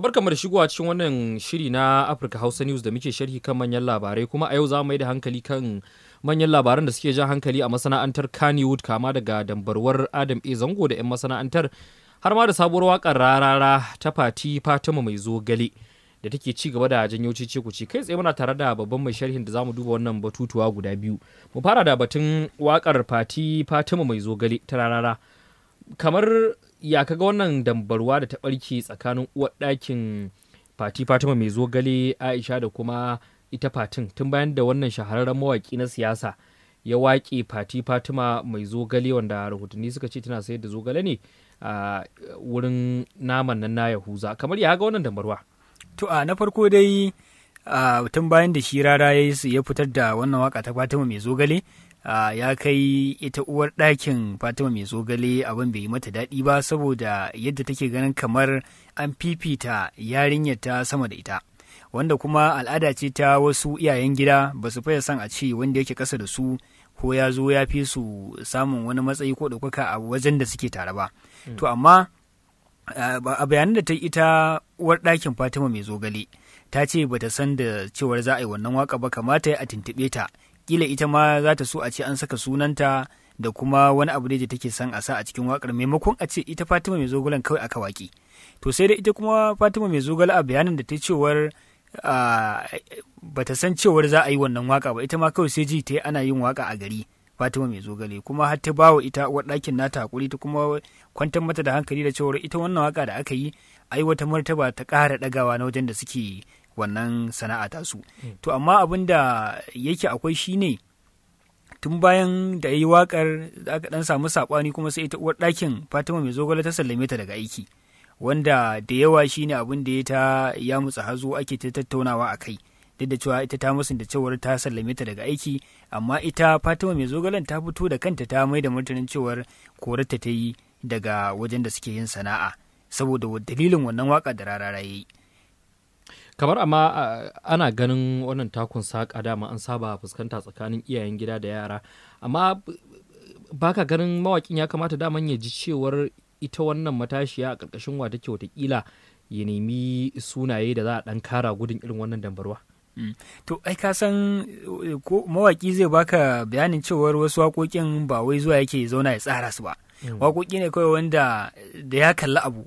To barkamu da shigowa cikin wannan shiri na Africa Hausa News da muke sharhi kan manyan labarai kuma a yau za mu yi da hankali kan manyan labaran da suke jan hankali a masana'antar Kannywood kama daga dambarwar Adam A Zango da 'yan masana'antar har ma da sabuwar wakar rarara ta Fati Fatima mai zo gale da take ci gaba da janyo ku kuce kai tsaye muna tare da babban mai sharhin da zamu duba wannan batutuwa guda biyu mu fara da batun wakar Fati Fatima mai zo gale ta rarara kamar ya kaga wannan dambarwa da ta ɓarke tsakanin uwar ɗakin fati fatima mai zogale aisha da kuma ita fatin tun bayan da wannan shahararren mawaki na siyasa ya waƙe fati fatima mai zogale wanda rahotanni suka ce tana sayar da zogale ne a wurin naman nan na yahuza kamar ya ga wannan dambarwa to a na farko dai tun bayan da shi rara ya fitar da wannan waka ta fatima mai zogale ya kai ita uwar ɗakin fatima mai zogale abin bai yi mata daɗi ba saboda yadda take ganin kamar an fifita yarinyar ta sama da ita wanda kuma al'ada ce ta wasu iyayen gida ba su faya son a ce wanda yake ƙasa da su ko ya zo ya fi su samun wani matsayi ko ɗaukaka a wajen da suke tare ba mm. to amma a bayanan da ta ita uwar ɗakin fatima mai zogale ta ce bata san da cewar za a yi wannan waka ba kamata ya a tuntuɓe ta kila ita ma za ta so a ce an saka sunanta da kuma wani abu da take son a sa a cikin wakar maimakon a ce ita Fatima mai zogalan kawai aka waki to sai dai ita kuma Fatima mai zogala a bayanin da ta cewar ba ta san cewar za a yi wannan waka ba ita ma kawai sai ji ta ana yin waka a gari Fatima mai zogale kuma har ta bawa ita uwar ɗakin nata hakuri ta kuma kwantar mata da hankali da cewar ita wannan waka da aka yi ai wata martaba ta ƙara ɗagawa na wajen da suke wannan sana'a ta tasu hmm. to amma abin da yake akwai shi ne tun bayan da ya yi wakar aka ɗan samu saɓani kuma sai ita uwar ɗakin fatima mai zogale ta sallame ta daga aiki wanda da yawa shi ne abin da ya ta ya mutsa hazo ake ta tattaunawa a kai duk da cewa ita ta musun da cewar ta sallame ta daga aiki amma ita fatima mai zogalen ta fito da kanta ta mai da martanin cewar korarta ta yi daga wajen da suke yin sana'a saboda dalilin wannan waka da rarara ya yi kamar amma ana ganin wannan takun saƙa dama an saba fuskanta tsakanin iyayen gida da yara amma baka ganin mawakin ya kamata daman ya ji cewar ita wannan matashiya a ƙarƙashin wa take watakila ya nemi sunaye da za a ɗan kara gudun irin wannan dambarwa mm. to ai ka san eh, mawaki zai baka bayanin cewar wasu waƙoƙin ba wai zuwa yake zauna ya tsara su ba waƙoƙi ne kawai wanda eh, da ya kalli abu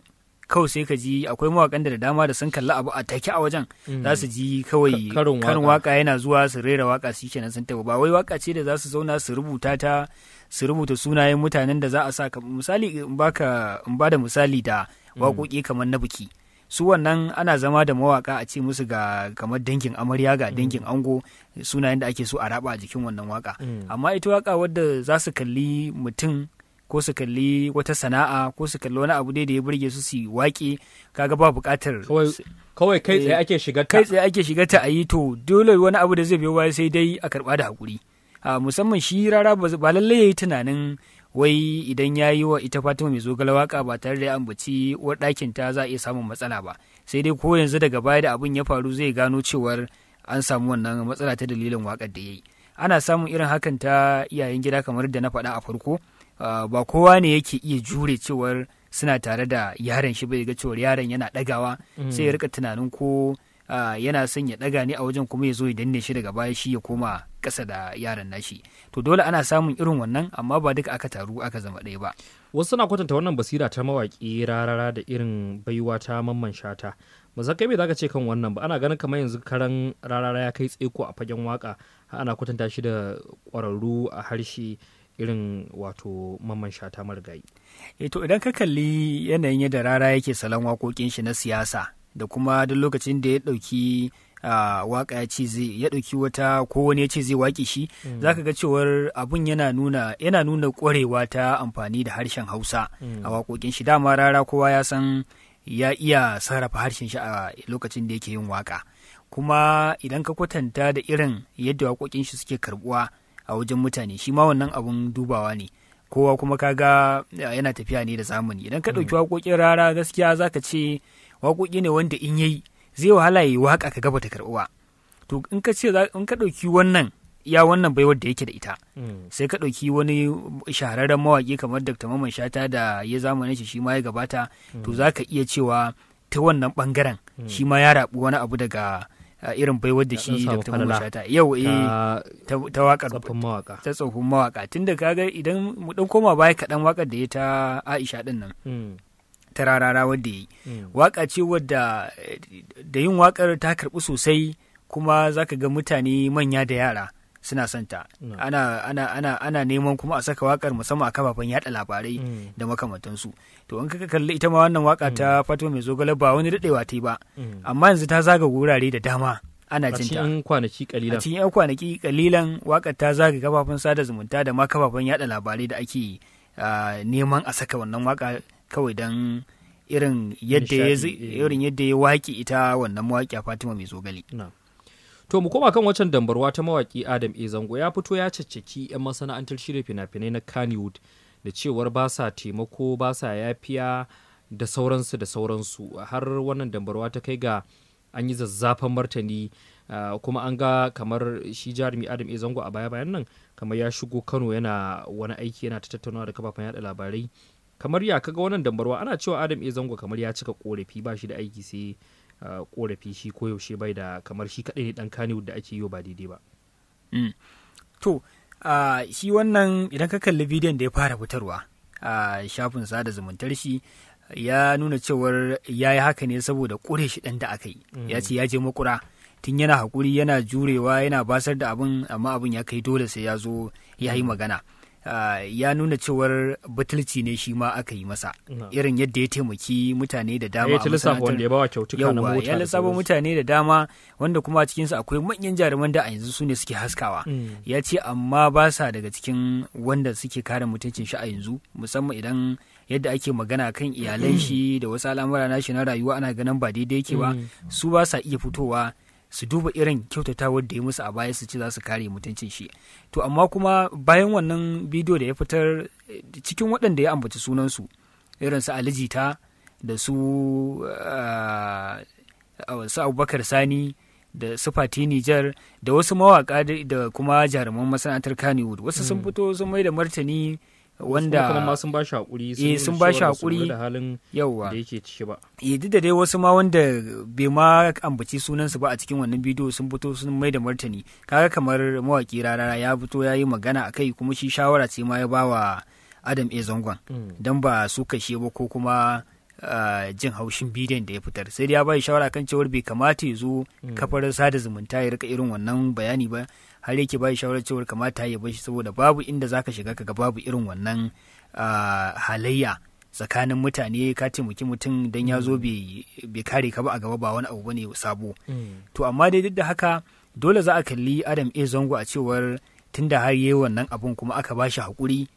kawai sai ka ji akwai mawakan da dama da sun kalli abu a take a wajen za su ji kawai karin waka yana zuwa su rera waka su kenan sun tafi ba wai waka ce da za su zauna su rubuta ta su rubuta sunayen mutanen da za a sa misali in baka in bada misali da mm. waƙoƙi kamar na biki su wannan ana zama da mawaka a ce musu ga kamar dangin amarya ga mm. dangin ango sunayen da ake so a raba a jikin wannan waka mm. amma ita waka wadda za su kalli mutum ko su kalli wata sana'a ko su kalli wani abu dai da ya burge su su waƙe kaga ba buƙatar kawai eh, kai tsaye ake shigar kai tsaye ake shiga ta ayi to dole wani abu da zai biyo baya sai dai a karɓa da hakuri a musamman shi rara ba lallai ya yi tunanin wai idan ya yi wa ita fatima mai zogala waka ba tare da ambaci uwar ɗakin ta za a iya samun matsala ba sai dai ko yanzu daga baya da abin ya faru zai gano cewar an samu wannan matsala ta dalilin wakar da ya yi ana samun irin hakan ta iyayen gida kamar da na faɗa a farko Ah, ba kowa ne yake iya jure cewar suna tare da yaron shi bai ga cewar yaron yana dagawa. Mm. sai ya rika tunanin ko ah, yana son ya daga ne a wajen kuma ya zo ya danne shi daga baya shi ya koma kasa da yaron nashi to dole ana samun irin wannan amma ba duka aka taru aka zama ɗaya ba wasu suna kwatanta wannan basira ta mawaƙi rarara da irin baiwa ta mamman shata ba kai me zaka ce kan wannan ba ana ganin kamar yanzu karan rarara ya kai tseko a fagen waka ana kwatanta shi da kwararru a harshe irin wato maman shata marigayi. E to idan ka kalli yanayin yadda rara yake salon waƙoƙin shi na siyasa da kuma duk lokacin da ya ɗauki waƙa ya ce zai ya ɗauki wata ko wani ya ce zai waƙi shi mm. za ka ga cewar abun yana nuna yana nuna ƙwarewa ta amfani da harshen hausa a mm. waƙoƙin shi dama rara kowa ya san ya iya sarrafa harshen shi a lokacin da yake yin waƙa kuma idan ka kwatanta da irin yadda waƙoƙin shi suke karbuwa. a wajen mutane shi ma wannan abun dubawa ne kowa kuma kaga yana tafiya ne da zamani idan ka ɗauki mm. waƙoƙin rara gaskiya za ka ce waƙoƙi ne wanda in yayi zai wahala ya yi waƙa ka gaba ta karɓuwa to in ka ce in ka ɗauki wannan ya wannan baiwar da yake da ita mm. sai ka ɗauki wani shahararren mawaƙi kamar dr Mamman shata da ya zamanin shi shi ma ya gabata to mm. za ka iya cewa ta wannan ɓangaren shi ma ya raɓi wani abu daga irin baiwar da shi da ta shata yau eh ta mawaka ta tsofin mawaka tunda kaga idan mu dan koma baya kaɗan wakar da ya ta Aisha din nan hmm. ta rarara wadda yi hmm. waka ce wadda eh, da yin wakar ta karɓi sosai kuma zaka ga mutane manya da yara suna santa mm. ana ana ana ana neman kuma a saka wakar musamman a kafafen yada labarai mm. da makamantansu to in kaka kalli ita ma wannan waka ta mm. fato mai zogale ba wani dadewa ta yi ba amma yanzu ta zaga wurare da dama ana jin ta. cikin kwanaki kalilan. A cikin 'yan kwanaki kalilan wakar ta zaga kafafen sada zumunta da ma kafafen yada labarai da ake neman a saka wannan waka kawai don irin yadda ya eh. waki ita wannan a Fatima mai zogali. To mu koma kan waccan dambarwa ta mawaki Adam E Zango ya fito ya caccaki 'yan masana'antar shirya fina-finai na Kannywood da cewar ba sa taimako ba sa yafiya da sauransu da sauransu har wannan dambarwa ta kai ga an yi zazzafan martani kuma an ga kamar shi jarumi Adam E Zango a baya-bayan nan kamar ya shigo Kano yana wani aiki yana ta tattaunawa da kafafen yada labarai kamar ya kaga wannan dambarwa ana cewa Adam E Zango kamar ya cika korafi ba shi da aiki sai korafi shi koyaushe bai da kamar shi kaɗai ne ɗan kani da ake yi ba daidai ba. Mm. To, shi wannan idan ka kalli bidiyon da ya fara fitarwa a shafin sada zumuntar shi ya nuna cewar ya yi haka ne saboda ƙure shi ɗan da aka yi. Mm. Ya ce ya je makura tun yana haƙuri yana jurewa yana basar da abin amma abin ya kai dole sai ya zo ya yi mm. magana. Ah, ya nuna cewar batulci ne shi ma aka yi masa irin yadda ya taimaki mutane da dama a ya lissafa mutane da dama wanda kuma a cikinsu akwai manyan jaruman da a yanzu su ne suke haskawa mm. ya ce amma ba sa daga cikin wanda suke kare mutuncin shi a yanzu musamman idan yadda ake magana kan iyalan shi da wasu al'amura na shi na rayuwa ana ganin ba daidai yake ba mm. su ba sa iya fitowa su duba irin kyautatawar da ya musu a baya su ci za su kare mutuncin shi to amma kuma bayan wannan bidiyo da ya fitar cikin waɗanda ya ambaci sunansu irin su alijita da su ah, ah, su abubakar sani da su fati nijar da wasu mawaƙa da kuma jaruman masana'antar kanewood wasu sun mm. fito sun mai da martani wanda kuma sun ba shi hakuri sun eh, ba shi hakuri da halin yawa da yake ciki ba eh duk da dai wasu ma wanda bai ma ambaci sunan su ba a cikin wannan bidiyo sun fito sun mai da martani kaga kamar mawaki rarara ya fito ya yi magana akai kuma shi shawara ce ma ya ba wa Adam e Zangon mm. dan ba su kashe ba ko kuma Eh, jin haushin bidiyon da ya fitar sai dai ya bai shawara kan cewar bai kamata ya zo hmm. kafar sada zumunta ya rika irin wannan bayani ba har yake bai shawara cewar kamata ya bashi saboda babu inda zaka shiga kaga babu irin wannan eh, halayya tsakanin mutane ka taimaki mutum don ya zo hmm. bai kare ka ba a gaba ba wani abu bane sabo hmm. to amma dai duk da haka dole za a kalli adam a zango a cewar tunda har yi wannan abun kuma aka bashi hakuri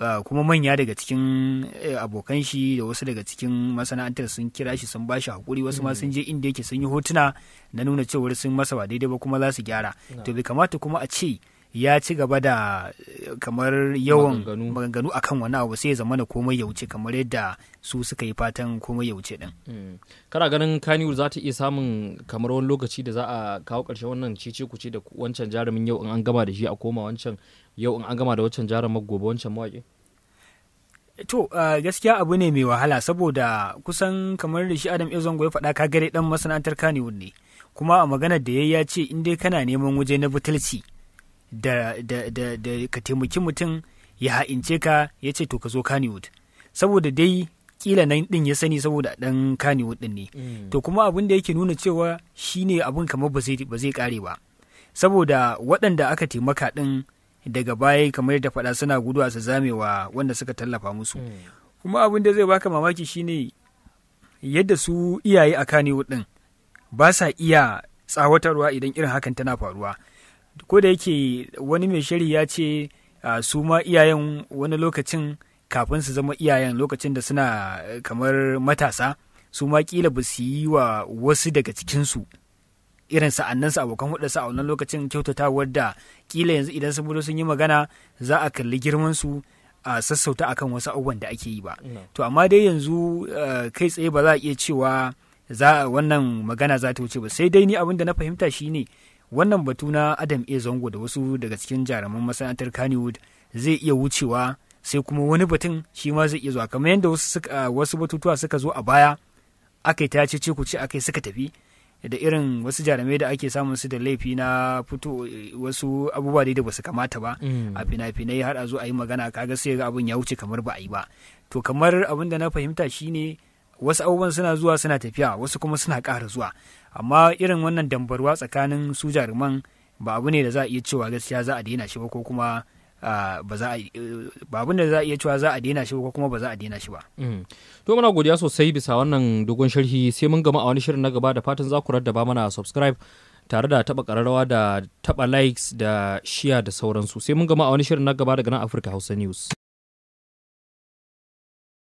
Ah, kuma manya daga cikin eh, abokan shi da wasu daga cikin masana'antar sun kira shi sun bashi hakuri wasu ma sun je mm. inda yake sun yi hotuna na nuna cewar sun masa ba daidai ba kuma za su gyara to bai kamata kuma a ce ya ci gaba da eh, kamar yawan maganganu akan wani abu sai ya zama komai ya wuce kamar yadda su suka yi fatan komai ya wuce din hmm. kana ganin kaniwu za ta iya samun kamar wani lokaci da za a kawo ƙarshen wannan cece kuce da wancan jarumin yau in an gama da shi a koma wancan yau in an gama da wancan jarumin gobe wancan mawaƙi To gaskiya abu ne mai wahala saboda kusan kamar da shi Adam Ezongo ya faɗa ka gare dan masana'antar Kannywood ne kuma a maganar da ya ce in dai kana neman waje na butulci da, da, da, da ka taimaki mutum ya ha'ince ka ya ce to ka zo kaniwood saboda dai kila nan din ya sani saboda dan kaniwood din ne mm. to kuma abin da yake nuna cewa shine abun kamar ba zai ba zai kare ba saboda waɗanda aka taimaka din daga baya kamar da faɗa suna guduwa su zamewa wanda suka tallafa musu mm. kuma abin da zai baka mamaki shine yadda su iyaye a kaniwood din ba sa iya tsawatarwa idan irin hakan tana faruwa ko da yake wani mai shari ya ce su ma iyayen wani lokacin kafin su zama iyayen lokacin da suna eh, kamar matasa su ma kila ba su yi wa wasu daga cikinsu irin su abokan hudarsa a wannan lokacin kyautatawar da kila yanzu idan sun sun yi magana za a kalli girman su a sassauta akan wasu abubuwan da ake yi ba to amma dai yanzu eh, kai tsaye ba za a iya cewa za wannan magana za ta wuce ba sai dai ni abin da na fahimta shine wannan batu na adam a zango da wasu daga cikin jaruman masana'antar kannywood zai iya wucewa sai kuma wani batun shi ma zai iya zuwa kamar yadda wasu, batutuwa suka zo a baya aka yi ta ce ku ce aka suka tafi da irin wasu jarumai da ake samun su da laifi na fito wasu abubuwa da su kamata ba mm. a fina-finai har a zo a yi magana kaga sai ga abin ya wuce kamar ba a yi ba to kamar abin da na fahimta shine wasu abubuwan suna zuwa suna tafiya wasu kuma suna ƙara zuwa amma irin wannan dambarwa tsakanin su jaruman ba abu ne da za a iya cewa gaskiya za a daina shi ba ko kuma ba za abin da za a iya cewa za a daina shi ba ko kuma ba za a daina shi ba. Mm. To muna godiya sosai bisa wannan dogon sharhi sai mun gama a wani shirin na gaba da fatan za ku ba mana subscribe tare da taba kararrawa da taba likes da share da sauransu sai mun gama a wani shirin na gaba daga nan Afirka Hausa News.